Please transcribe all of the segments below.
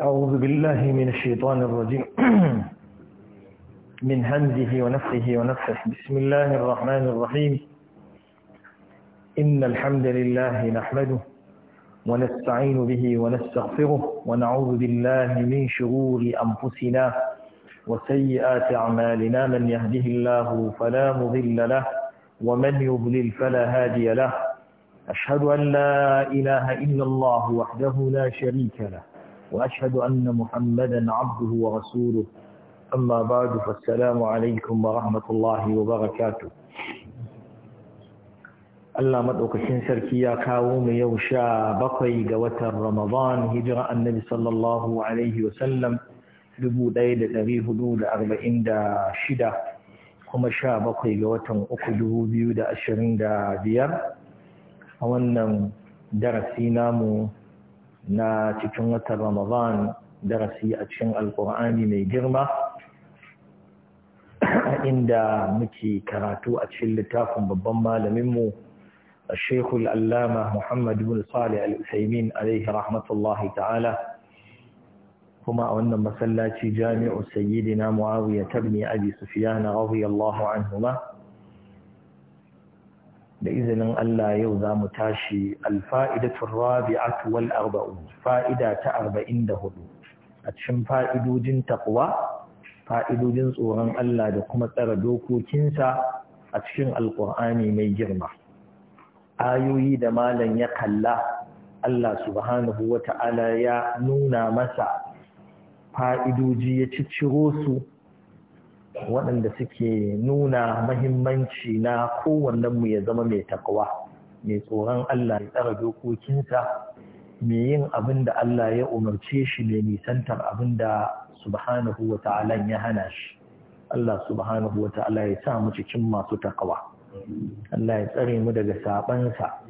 أعوذ بالله من الشيطان الرجيم من همزه ونفخه ونفخه بسم الله الرحمن الرحيم إن الحمد لله نحمده ونستعين به ونستغفره ونعوذ بالله من شرور أنفسنا وسيئات أعمالنا من يهده الله فلا مضل له ومن يضلل فلا هادي له أشهد أن لا إله إلا الله وحده لا شريك له وأشهد أن محمدا عبده ورسوله أما بعد فالسلام عليكم ورحمة الله وبركاته Allah maɗaukacin sarki ya kawo mu yau sha bakwai ga watan Ramadan hijira annabi sallallahu Alaihi wasallam shida, kuma sha bakwai ga watan uku dubu biyu da da biyar, a wannan darasi namu na cikin watan Ramadan darasi a cikin Al’ur’ani mai girma inda muke karatu a cikin littafin babban malaminmu a Shekul Allama Muhammadu bin Salih Al’Usaimin Alayhi Rahmatullahi Ta’ala kuma a wannan masallaci jami’ar Sayyidina Muawiyar Tabni Abi Sufiyana Rahuyar Allahu Anhu ma. da izinin Allah yau za mu tashi alfa'idatun rabi'atu wal arba'u fa'ida ta arba'in da hudu a cikin fa'idojin taƙwa fa'idojin tsoron Allah da kuma tsara dokokinsa a cikin alƙur'ani mai girma ayoyi da malam ya kalla Allah subhanahu wa ta'ala ya nuna masa fa'idoji ya cicciro su waɗanda suke nuna mahimmanci na kowannenmu ya zama mai takwa mai tsoron Allah ya tsara dokokinsa mai yin abin da Allah ya umarce shi mai nisantar abin da subhanahu wa ta'ala ya hana shi Allah subhanahu wa ta'ala ya sa mu cikin masu takawa Allah ya tsare mu daga sabansa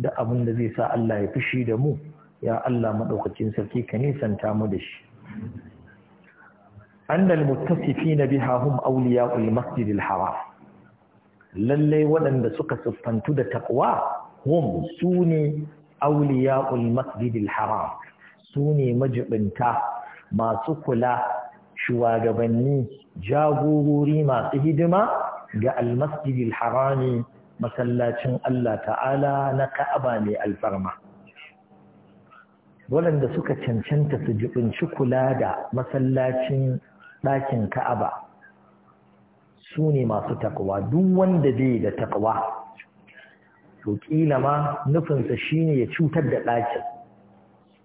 da abin da zai sa Allah ya fushi da mu ya Allah maɗaukacin sarki ka nisanta mu da shi annal mutasifi na biha hum auliya ulmasjidil hawa lallai waɗanda suka siffantu da taqwa hum sune ne auliya ulmasjidil hawa su majiɓinta masu kula shuwagabanni, jagorori masu hidima ga almasjidil harami masallacin Allah ta'ala na ka'aba mai alfarma waɗanda suka cancanta su jiɓinci kula da masallacin ɗakin ka'aba su ne masu takwa duk wanda bai da takwa to ƙila ma nufinsa shine ya cutar da ɗakin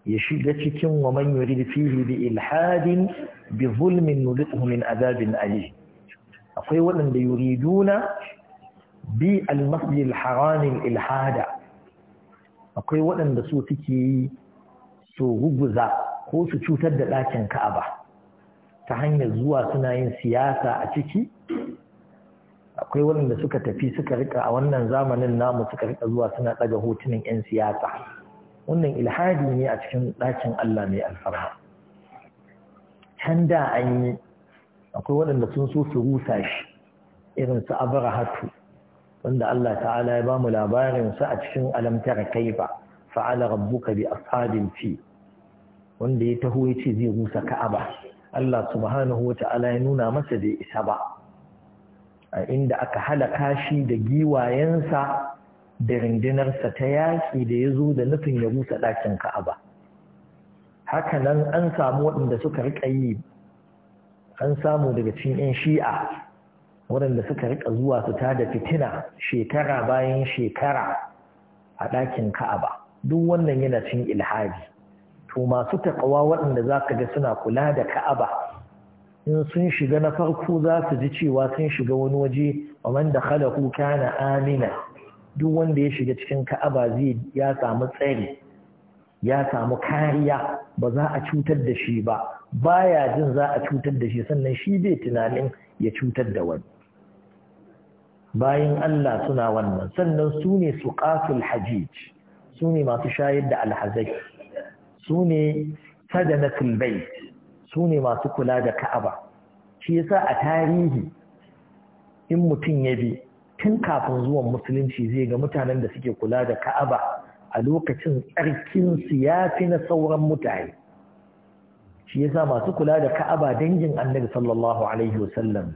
ya shiga cikin wa man yurid fihi bi ilhadin bi zulmin nudhu min azabin ali akwai waɗanda yuriduna bi al-masjid ilhada akwai waɗanda su suke yi su ruguza ko su cutar da ɗakin ka'aba ta hanyar zuwa suna yin siyasa a ciki akwai waɗanda suka tafi suka rika a wannan zamanin namu suka rika zuwa suna ɗaga hotunan 'yan siyasa wannan ilhadi ne a cikin ɗakin Allah mai alfarma can da an yi akwai waɗanda sun so su rusa shi irin su abrahatu wanda Allah ta'ala ya bamu labarin su a cikin alamtar kaifa fa'ala rabbuka bi ashabil fi wanda ya taho ya ce zai rusa ka'aba Allah subhanahu wa ta'ala ya nuna masa da isa ba a inda aka halaka shi da giwayensa da rindinarsa ta yaƙi da ya zo da nufin ya rusa ɗakin ka'aba haka nan an samu waɗanda suka riƙa yi an samu daga cin 'yan shi'a waɗanda suka riƙa zuwa su da fitina shekara bayan shekara a ɗakin ka'aba duk wannan yana cin ilhadi to masu taƙawa waɗanda za ka ga suna kula da ka'aba in sun shiga na farko za su ji cewa sun shiga wani waje a man da kuka kana amina duk wanda ya shiga cikin ka'aba zai ya samu tsari ya samu kariya ba za a cutar da shi ba baya jin za a cutar da shi sannan shi bai tunanin ya cutar da wani bayan Allah suna wannan sannan su ne su ƙasul su ne masu shayar da alhazai su ne na bait su ne masu kula da ka'aba shi yasa a tarihi in mutum ya bi tun kafin zuwan musulunci zai ga mutanen da suke kula da ka'aba a lokacin tsarkin su ya fi na sauran mutane shi yasa masu kula da ka'aba dangin annabi sallallahu alaihi wasallam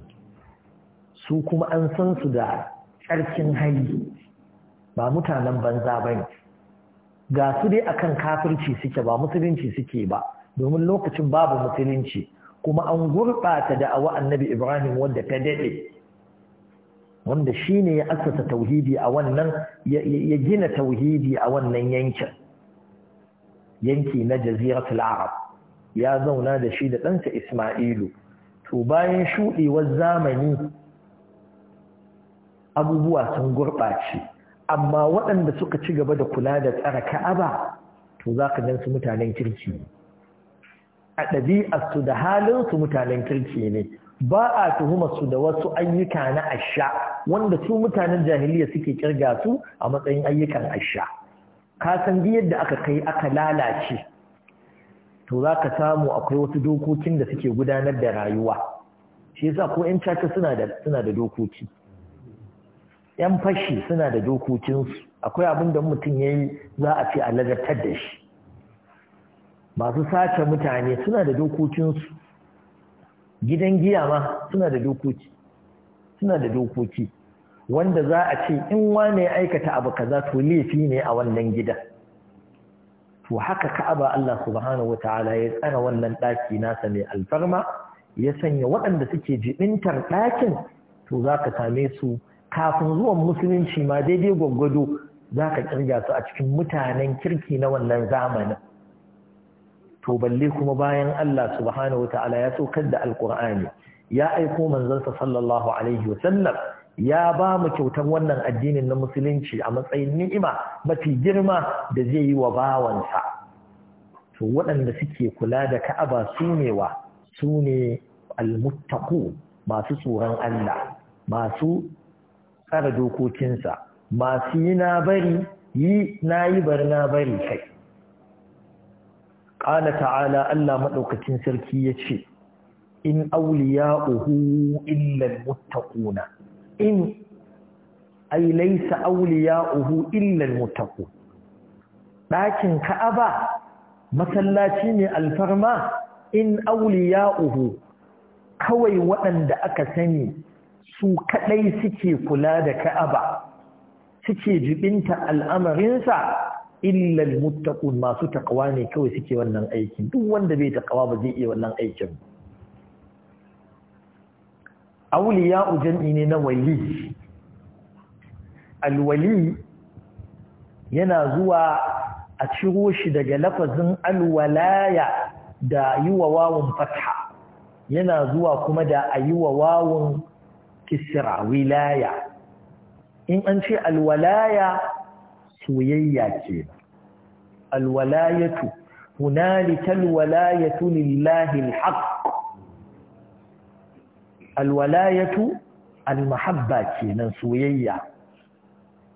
su kuma an san su da tsarkin hali ba mutanen banza ba ne. ga su dai akan kafirci suke ba musulunci suke ba domin lokacin babu musulunci kuma an gurɓata da'awa annabi Ibrahim wadda ta daɗe wanda shi ne ya asasa tauhidi a wannan ya gina tauhidi a wannan yankin yanki na jaziratul arab ya zauna da shi da ɗansa Ismailu to bayan shuɗewar zamani abubuwa sun gurɓace amma waɗanda suka ci gaba da kula da tsara ka'aba to za ka gan su mutanen kirki a ɗabi'arsu da halinsu mutanen kirki ne ba a su da wasu ayyuka na asha wanda su mutanen jahiliya suke kirga su a matsayin ayyukan asha ka san yadda aka kai aka lalace to za ka samu akwai wasu dokokin da suke gudanar da rayuwa shi yasa ko 'yan caca suna da dokoki yan fashi suna da dokokinsu akwai abin da mutum ya yi za a ce a ladabtar da shi masu sace mutane suna da dokokinsu gidan giya ma suna da dokoki suna da dokoki wanda za a ce in wane aikata abu kaza to laifi ne a wannan gida to haka ka ka'aba Allah subhanahu wataala ya tsara wannan daki nasa mai alfarma ya sanya waɗanda suke jibintar ɗakin to za ka same su kafin zuwan musulunci ma daidai gwaggwado za ka kirga su a cikin mutanen kirki na wannan zamanin to balle kuma bayan Allah subhanahu wa ta'ala ya saukar da alkur'ani ya aiko manzansa sallallahu alaihi wa sallam ya ba mu kyautar wannan addinin na musulunci a matsayin ni'ima mafi girma da zai yi wa bawansa to waɗanda suke kula da ka'aba su ne wa su ne almuttaqu masu tsoron Allah masu tsara dokokinsa masu yi na bari yi na yi bari na bari kai ƙala ta'ala Allah maɗaukacin sarki ya ce in awliya'uhu illal muttaquna in ay laysa awliya'uhu illal muttaqun ɗakin ka'aba masallaci ne alfarma in uhu, kawai waɗanda aka sani su kaɗai suke kula da ka'aba suke jibinta al'amarinsa illa almuttaqun masu taqwa ne kawai suke wannan aiki. duk wanda bai taƙawa ba zai iya wannan aikin auliya ujani ne na wali alwali yana zuwa a ciro shi daga lafazin alwalaya da yi wa wawun fatha yana zuwa kuma da a yi wa wawun kisira wilaya in an ce alwalaya soyayya ce alwalayatu hunalika alwalayatu lillahi alhaq alwalayatu almahabba kenan soyayya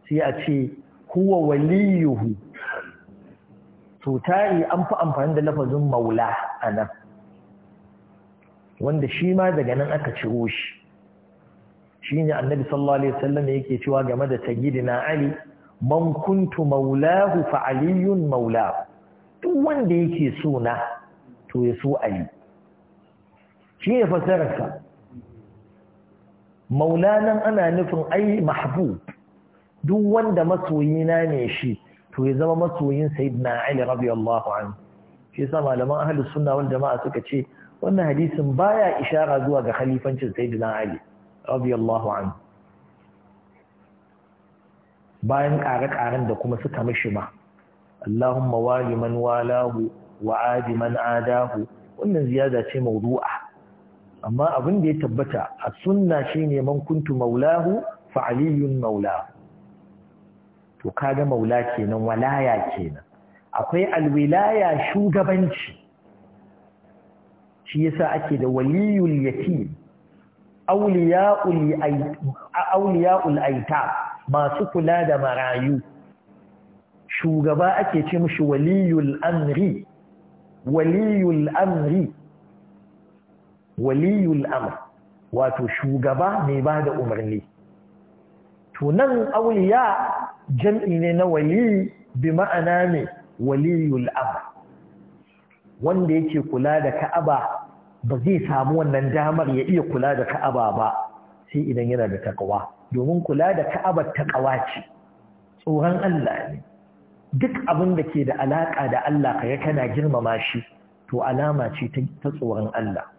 sai a ce huwa waliyuhu to tari an fi amfani da lafazin maula a nan wanda shi ma daga nan aka ciro shi shine annabi sallallahu alaihi wasallam yake cewa game da tagidina ali man kuntu maulahu fa aliyun maulahu duk wanda yake so na to ya so ali shi ne fasararsa Maulana ana nufin ai mahbub duk wanda masoyina ne shi to ya zama masoyin sayyidina ali radiyallahu anhu shi yasa malaman ahlus sunna wal jama'a suka ce wannan hadisin baya ishara zuwa ga khalifancin sayyidina ali radiyallahu anhu bayan ƙare-ƙaren da kuma suka mishi ma Allahumma wali man walahu wa adi man adahu wannan ziyada ce mawdu'a amma abin da ya tabbata a sunna shine man kuntu maulahu fa aliyun maulahu to kaga maula kenan walaya kenan akwai alwilaya shugabanci shi yasa ake da waliyul yatim auliya'ul aita masu kula da marayu shugaba ake ce mushi waliyul amri waliyul amri waliyul amr wato shugaba mai ba da umarni tunan auliya jam'i ne na wali bi ma'ana ne waliyul amr wanda yake kula da ka'aba ba zai samu wannan damar ya iya kula da ka'aba ba sai idan yana da takawa domin kula da ka'abar takawa ce tsoron Allah ne duk abin da ke da alaka da Allah kaga kana girmama shi to alama ce ta tsoron Allah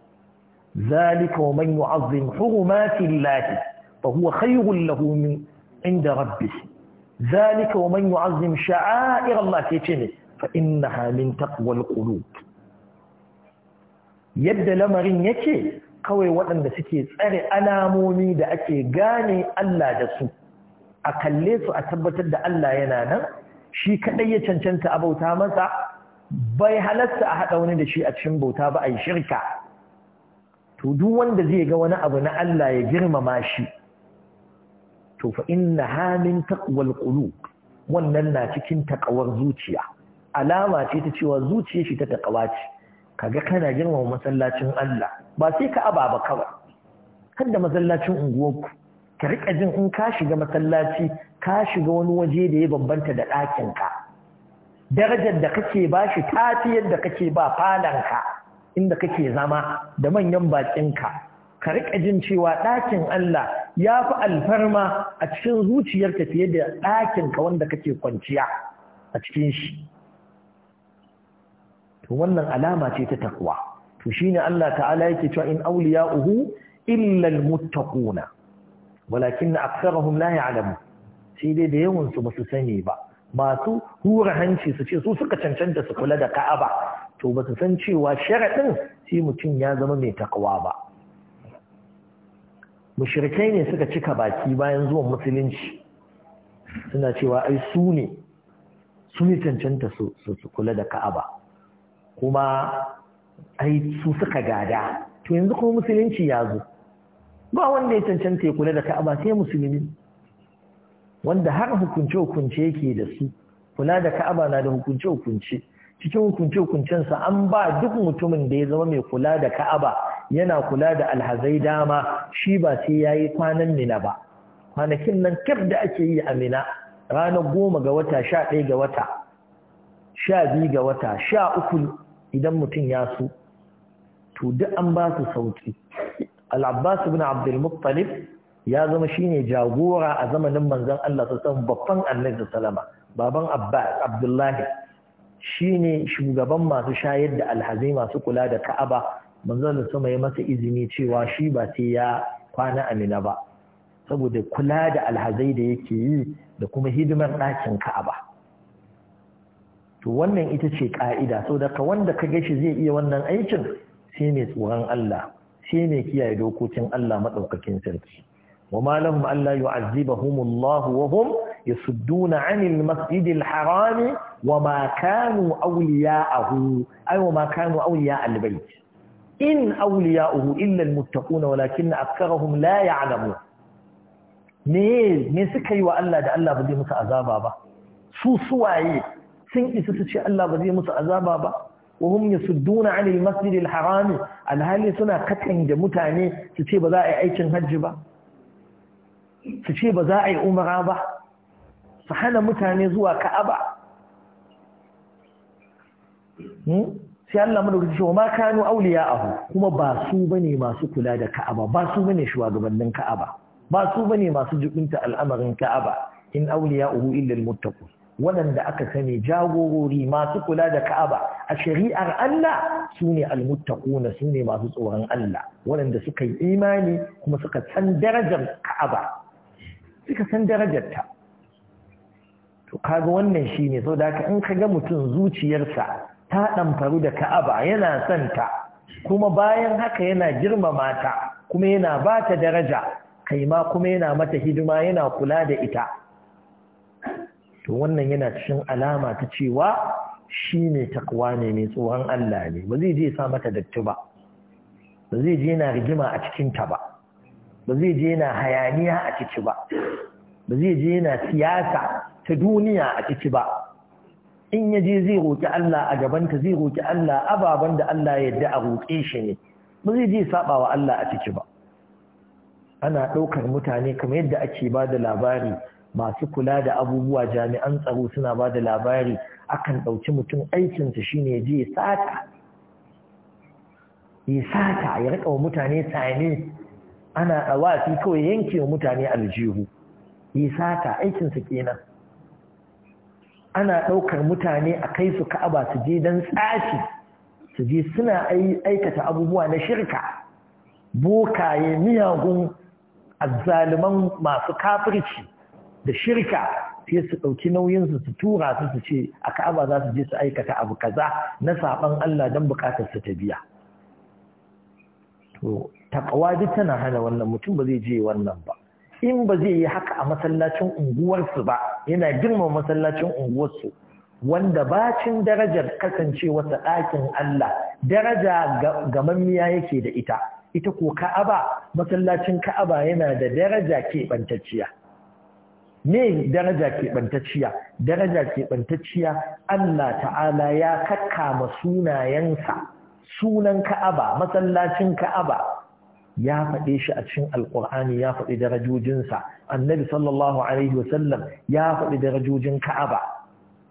zalika wa man yu'azzim hurumati Allah fa huwa khayrun lahu min inda rabbih zalika wa man yu'azzim sha'air Allah ce ne fa innaha min taqwa al-qulub yadda lamarin yake kawai waɗanda suke tsare alamomi da ake gane Allah da su a kalle su a tabbatar da Allah yana nan shi kaɗai ya cancanta a bauta masa bai halatta a haɗa wani da shi a cikin bauta ba a yi shirka to duk wanda zai ga wani abu na Allah ya girmama shi to fa inna hamin taqwal qulub wannan na cikin takawar zuciya alama ce ta cewa zuciyar shi ta takawa ce Ka ga kana girmama masallacin Allah ba sai ka aba ba kawai kada masallacin unguwarku ka rika jin in ka shiga masallaci ka shiga wani waje da ya bambanta da ɗakin ka darajar da kake ba shi ta fi yadda kake ba falanka inda kake zama da manyan bakinka ka rika jin cewa ɗakin Allah ya fi alfarma a cikin zuciyarka fiye da ɗakinka wanda kake kwanciya a cikin shi to wannan alama ce ta takwa to shine Allah ta'ala yake cewa in awliya'uhu illa almuttaquna walakin aktharuhum la ya'lamu sai dai da yawan su basu sani ba masu hura hanci su ce su suka cancanta su kula da Ka'aba to basu san cewa sharadin sai mutum ya zama mai takwa ba mushrikai ne suka cika baki bayan zuwan musulunci suna cewa ai su ne su ne cancanta su kula da Ka'aba kuma ai su suka gada to yanzu kuma musulunci ya zo ba wanda ya cancanta ya kula da ka'aba sai musulmi wanda har hukunce-hukunce yake da su kula da ka'aba na da hukunce-hukunce cikin hukunce sa an ba duk mutumin da ya zama mai kula da ka'aba yana kula da alhazai dama shi ba sai yayi yi kwanan mina ba kwanakin nan kaf da ake yi a mina ranar goma ga wata sha ɗaya ga wata sha biyu ga wata sha uku idan mutum ya su to duk an ba su sauki bin abbas ibn ya zama shine jagora a zamanin manzon Allah sallallahu babban annabi Salama, baban abbas abdullahi shine shugaban masu shayar da alhazai masu kula da ka'aba manzon da sama ya masa izini cewa shi ba sai ya kwana a amina ba saboda kula da alhazai da yake yi da kuma hidimar ɗakin ka'aba to wannan ita ce ƙa'ida, sau daga wanda ka gashi zai iya wannan aikin sai mai tsoron Allah sai mai kiyaye dokokin Allah madaukakin sarki wa allah lahum alla yu'azzibahumullahu wa hum yasudduna 'anil masjidil harami wa ma kanu awliya'ahu ay wa ma kanu awliya'al bayt in awliya'uhu illa almuttaquna walakin aktharuhum la ya'lamun ne me suka yi wa Allah da Allah ba zai musu azaba ba su suwaye sun isa su ce Allah ba zai musu azaba ba wahum yasudduna 'anil masjidil haram alhali suna katanga mutane su ce ba za a yi aikin hajji ba su ce ba za a yi umara ba su hana mutane zuwa ka'aba hmm? sai Allah madaukaki cewa ma kanu awliya'ahu kuma ba su bane masu kula da ka'aba ba su bane shugabannin ka'aba ba su bane masu jibinta al'amarin ka'aba in awliya'uhu illa al-muttaqun waɗanda aka sani jagorori masu kula da Ka'aba a shari'ar Allah su ne almuttaquna su ne masu tsoron Allah waɗanda suka yi imani kuma suka san darajar Ka'aba suka san darajar ta to kaga wannan shine saboda haka in kaga mutum zuciyarsa ta ɗamfaru da Ka'aba yana son ta kuma bayan haka yana girmama ta kuma yana ba ta daraja kai ma kuma yana mata hidima yana kula da ita to wannan yana cikin alama ta cewa shi ne takwa ne mai tsoron Allah ne ba zai je sa mata datti ba ba zai je yana rigima a cikinta ba ba zai je yana hayaniya a ciki ba ba zai je yana siyasa ta duniya a ciki ba in ya je zai roƙi Allah a gabanta zai roƙi Allah ababen da Allah ya yarda a roƙe shi ne ba zai je saba wa Allah a ciki ba ana ɗaukar mutane kamar yadda ake ba da labari masu kula da abubuwa jami'an tsaro suna ba da labari akan ɗauki mutum aikinsa shine ya je sata ya sata ya riƙa wa mutane tsaye ana wasi kawai yanke wa mutane aljihu ya sata aikinsa kenan ana ɗaukar mutane a kai su ka'aba su je don tsafi su je suna aikata abubuwa na shirka bokaye miyagun azzaluman masu kafirci da shirka sai su ɗauki nauyinsu su tura su su ce a ka'aba za su je su aikata abu kaza na saɓan Allah don buƙatar su ta biya to takawa duk tana hana wannan mutum ba zai je wannan ba in ba zai yi haka a masallacin unguwarsu ba yana girma masallacin unguwarsu wanda bacin darajar kasancewarsa ɗakin Allah daraja ga gamammiya yake da ita ita ko ka'aba masallacin ka'aba yana da daraja keɓantacciya me daraja keɓantacciya daraja keɓantacciya Allah ta'ala ya kakka ma sunayensa sunan ka'aba masallacin ka'aba ya faɗe shi a cikin alƙur'ani ya faɗi darajojinsa annabi sallallahu alaihi wasallam ya faɗi darajojin ka'aba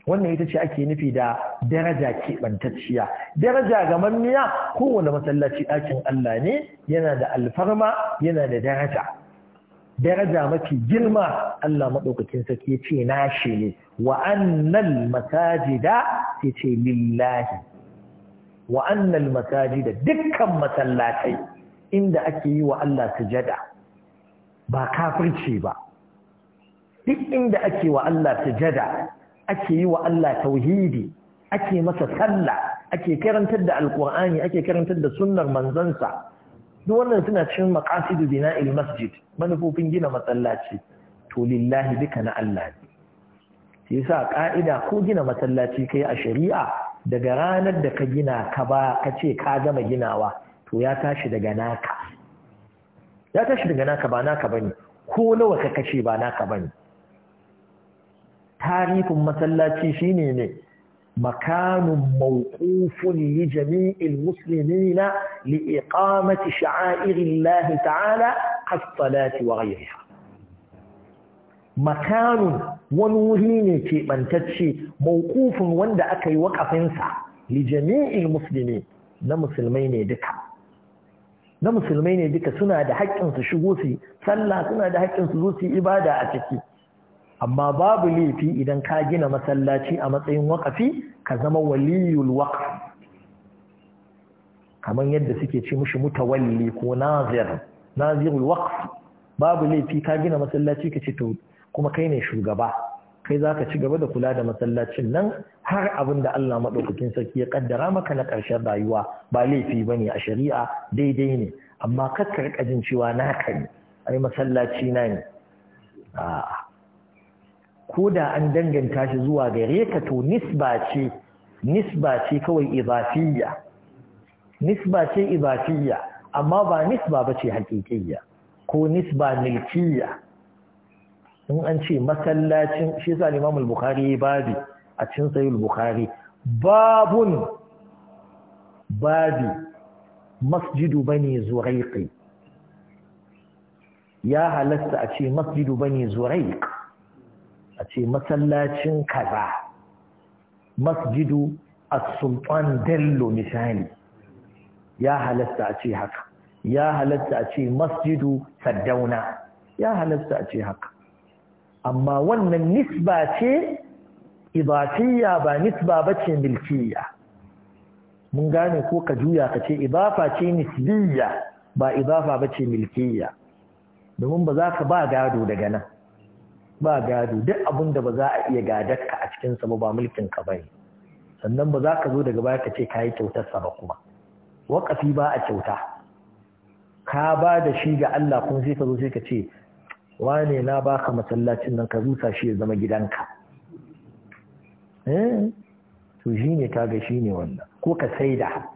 wannan ita ce ake nufi da daraja keɓantacciya daraja ga manniya kowane masallaci ɗakin Allah ne yana da alfarma yana da daraja daraja mafi girma Allah maɗaukacin sarki ya ce nashi ne wa annal masajida ya ce lillahi wa annal masajida dukkan masallatai inda ake yi wa Allah sujada ba kafirce ba duk inda ake wa Allah sujada ake yi wa Allah tauhidi ake masa sallah ake karantar da alƙur'ani ake karantar da sunnar manzansa duk wannan suna cikin maqasidu il masjid manufofin gina masallaci to lillahi duka na Allah ne shi yasa ka'ida ko gina masallaci kai a shari'a daga ranar da ka gina ka ba ka ce ka gama ginawa to ya tashi daga naka ya tashi daga naka ba naka bane ko nawa ka kace ba naka bane tarihin masallaci shine ne مكان موقوف لجميع المسلمين لإقامة شعائر الله تعالى كالصلاة وغيرها مكان ونورين من تتشي موقوف وند أكي وقفنسا لجميع المسلمين نمسلمين دكا نمسلمين دكا سنة دا حق انسو شغوسي سنة سنة دا حق انسو شغوسي إبادة أتكي amma babu laifi idan ka gina masallaci a matsayin waƙafi ka zama waliyul waqf kamar yadda suke ce mushi mutawalli ko nazir nazirul waqf babu laifi ka gina masallaci ka ce to kuma kai ne shugaba kai zaka ci gaba da kula da masallacin nan har abin da Allah madaukakin sarki ya kaddara maka na ƙarshen rayuwa ba laifi bane a shari'a daidai ne amma kakkar kajin cewa na kai ai masallaci na ne a'a ko da an danganta shi zuwa gare ka to nisba ce nisba ce kawai idafiyya nisba ce amma ba nisba ba ce haƙiƙiyya ko nisba milkiyya in an ce masallacin shi sa Imam al-Bukhari babi a cikin Sahih al-Bukhari babun babi masjidu bani zuraiqi ya halatta a ce masjidu bani zuraiq a ce masallacin kaza masjidu as-sultan dello misali ya halatta a ce haka ya halatta a ce masjidu saddauna ya halatta a ce haka amma wannan nisba ce idatiyya ba nisba bace milkiya. mun gane ko ka juya ka ce ibafa ce nisbiya ba ba bace milkiya. domin ba za ka ba gado daga nan ba gado duk abin da ba za a iya gadarka a cikin sa ba mulkin ka bane sannan ba za ka zo daga baya ka ce kayi kyautar sa ba kuma waqafi ba a kyauta ka ba da shi ga Allah kuma sai ka zo sai ka ce wane na baka masallacin nan ka rusa shi ya zama gidanka eh, to shi ne kaga shi ne wannan ko ka saida?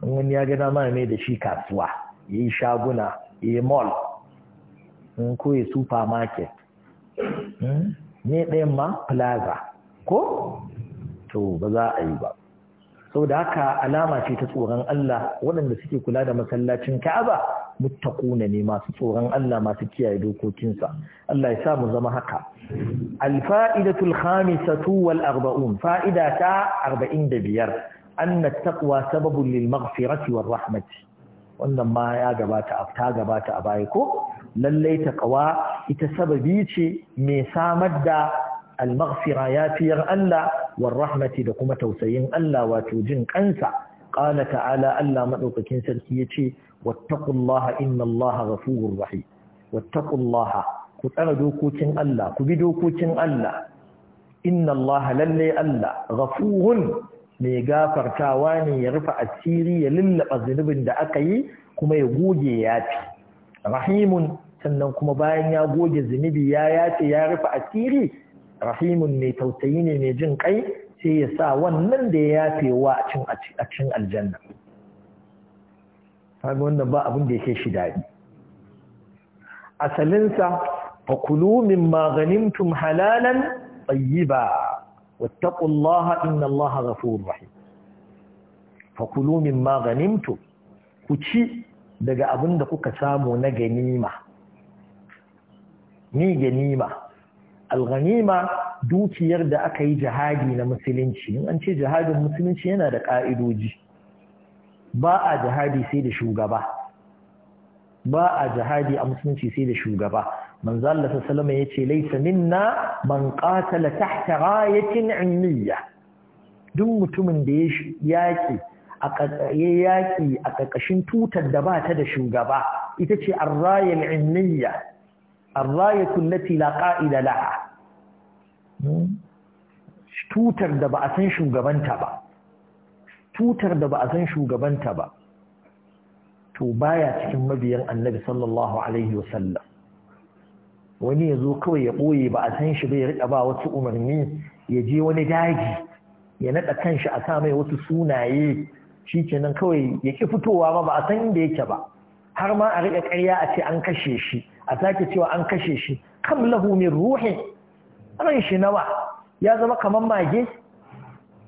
da wani ya ga dama mai da shi kasuwa ya yi shaguna ya yi mall ko ya supermarket Hmm? ne ɗayan ma plaza ko to ba za a yi ba sau da haka alama ce ta tsoron Allah waɗanda suke kula da masallacin Ka'aba muttaquna ne masu tsoron Allah masu kiyaye dokokinsa Allah ya sa mu zama haka alfa'idatul khamisatu wal arba'un fa'ida ta 45 anna biyar, taqwa sababun lil maghfirati war rahmati wannan ma ya gabata a ta gabata a baya ko lallai taqwa ita sababi ce mai samar da al yafiyar Allah war rahmati da kuma tausayin Allah wato jin kansa qala ta'ala Allah madaukakin sarki yace wattaqullaha innallaha ghafurur rahim wattaqullaha ku tsara dokokin Allah ku bi dokokin Allah innallaha lallai Allah ghafurun mai gafartawa ne ya rufe asiri ya lullaba zunubin da aka yi kuma ya goge yafi rahimun sannan kuma bayan ya goge zunubi ya yace ya rufe asiri rahimun mai tausayi ne mai jin kai sai ya sa wannan da ya yafewa a cin aljanna kaga wannan ba abin da yake shi daɗi asalinsa fa kulu mimma ghanimtum halalan tayyiba wattaqullaha inna allaha ghafurur rahim fa kulu mimma ghanimtum ku ci daga abin da kuka samu na ganima ni ganima alganima dukiyar da aka yi jihadi na musulunci in an ce jihadin musulunci yana da ƙa'idoji ba a jihadi sai da shugaba ba a jihadi a musulunci sai da shugaba manzo Allah sallallahu alaihi yace laisa minna man qatala tahta ghayatin ilmiya duk mutumin da ya yaki ya yaƙi a ƙarƙashin tutar da ba ta da shugaba ita ce arrayar ilmiya arrayatun lati la ƙa'ida laha hmm? tutar da ba a san shugabanta ba tutar da ba a san shugabanta ba to baya cikin mabiyan annabi sallallahu alaihi wasallam wani ya zo kawai ya ɓoye ba a san shi bai riƙa ba wasu umarni ya je wani daji ya naɗa kanshi a sa mai wasu sunaye shi kenan kawai ya ƙi fitowa ba ba a san inda yake ba har ma a riƙa ƙarya a ce an kashe shi a sake cewa an kashe shi kam lahu min ruhin ran shi nawa ya zama kamar mage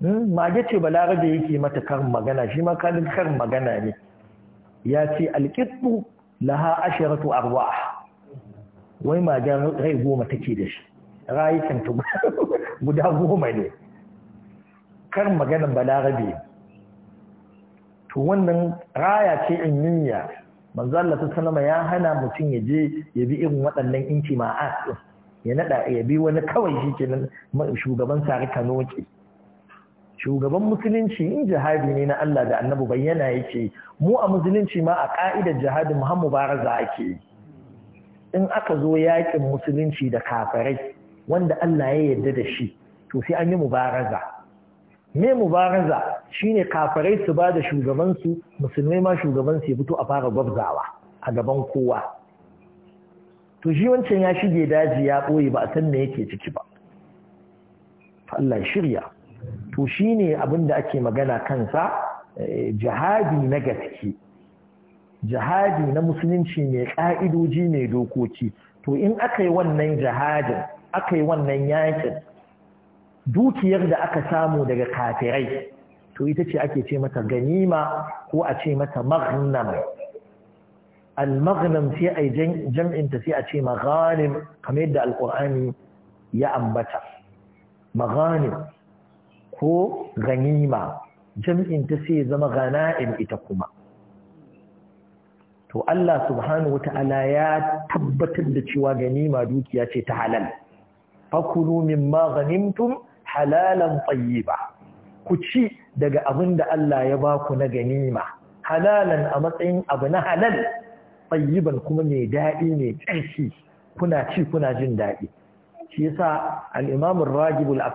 hmm, mage ce balarabe yake mata karin magana shi ma kalin karin magana ne ya ce alƙiɗu laha asharatu arwah wai magen rai goma take da shi ta guda goma ne karin maganan balarabe to wannan raya ce in niyya manzo Allah ta sanama ya hana mutum ya je ya bi irin waɗannan intima'at din ya nada ya bi wani kawai shikenan shugaban sare ke shugaban musulunci in jihadi ne na Allah da annabi bayyana yake mu a musulunci ma a ka'idar jihadin Muhammad Baraza ake in aka zo yakin musulunci da kafirai wanda Allah ya yarda da shi to sai an yi mubaraza me mubaraza shine kafirai su ba da shugabansu musulmai ma shugabansu ya fito a fara gwabzawa a gaban kowa to shi wancan ya shige daji ya ɓoye ba a san me yake ciki ba Allah shirya to shine abin da ake magana kansa eh, jihadi na gaske jihadi na musulunci mai ka'idoji mai dokoki to in aka yi wannan jihadin aka yi wannan yakin dukiyar da aka samu daga kafirai to ita ce ake ce mata ganima ko a ce mata maghnam al-maghnam sai a jam'in ta sai a ce maghanim kamar yadda alqur'ani ya ambata maghanim ko ganima Jam'inta ta sai zama ghana'im ita kuma to Allah subhanahu wata'ala ya tabbatar da cewa ganima dukiya ce ta halal fakulu mimma ghanimtum halalan tayyiba ku ci daga abin da Allah ya ba ku na ganima halalan a matsayin abu na halal tayyiban kuma mai daɗi mai tsarki kuna ci kuna jin daɗi shi yasa al-Imam ar-Ragib a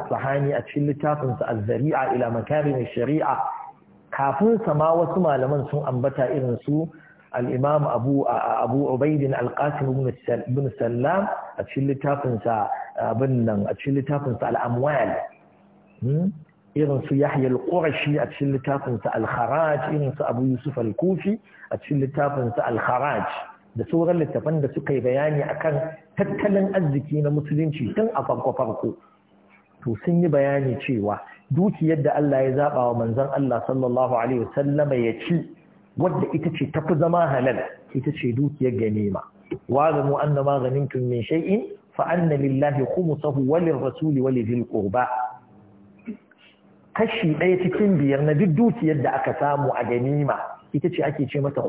cikin littafinsa sa zaria ila makarim shari'a kafin sama wasu malaman sun ambata irin su al-Imam Abu Abu al-Qasim ibn Sallam a cikin littafinsa. abin nan a cikin littafinsa al'amwal hmm? irin su yahya al-qurashi a cikin littafinsa al-kharaj irin su abu yusuf al-kufi a cikin littafinsa al-kharaj da sauran littafan da suka yi bayani akan tattalin arziki na musulunci tun a farko farko to sun yi bayani cewa dukiyar da Allah ya zaba wa manzon Allah sallallahu alaihi wasallama ya ci wadda ita ce tafi zama halal ita ce dukiyar ganima wa zamu annama ghanimtum min shay'in فأن لله خمسه وللرسول ولذي القربى kashi ɗaya cikin biyar na duk dukiyar da aka samu a ganima ita ce ake ce mata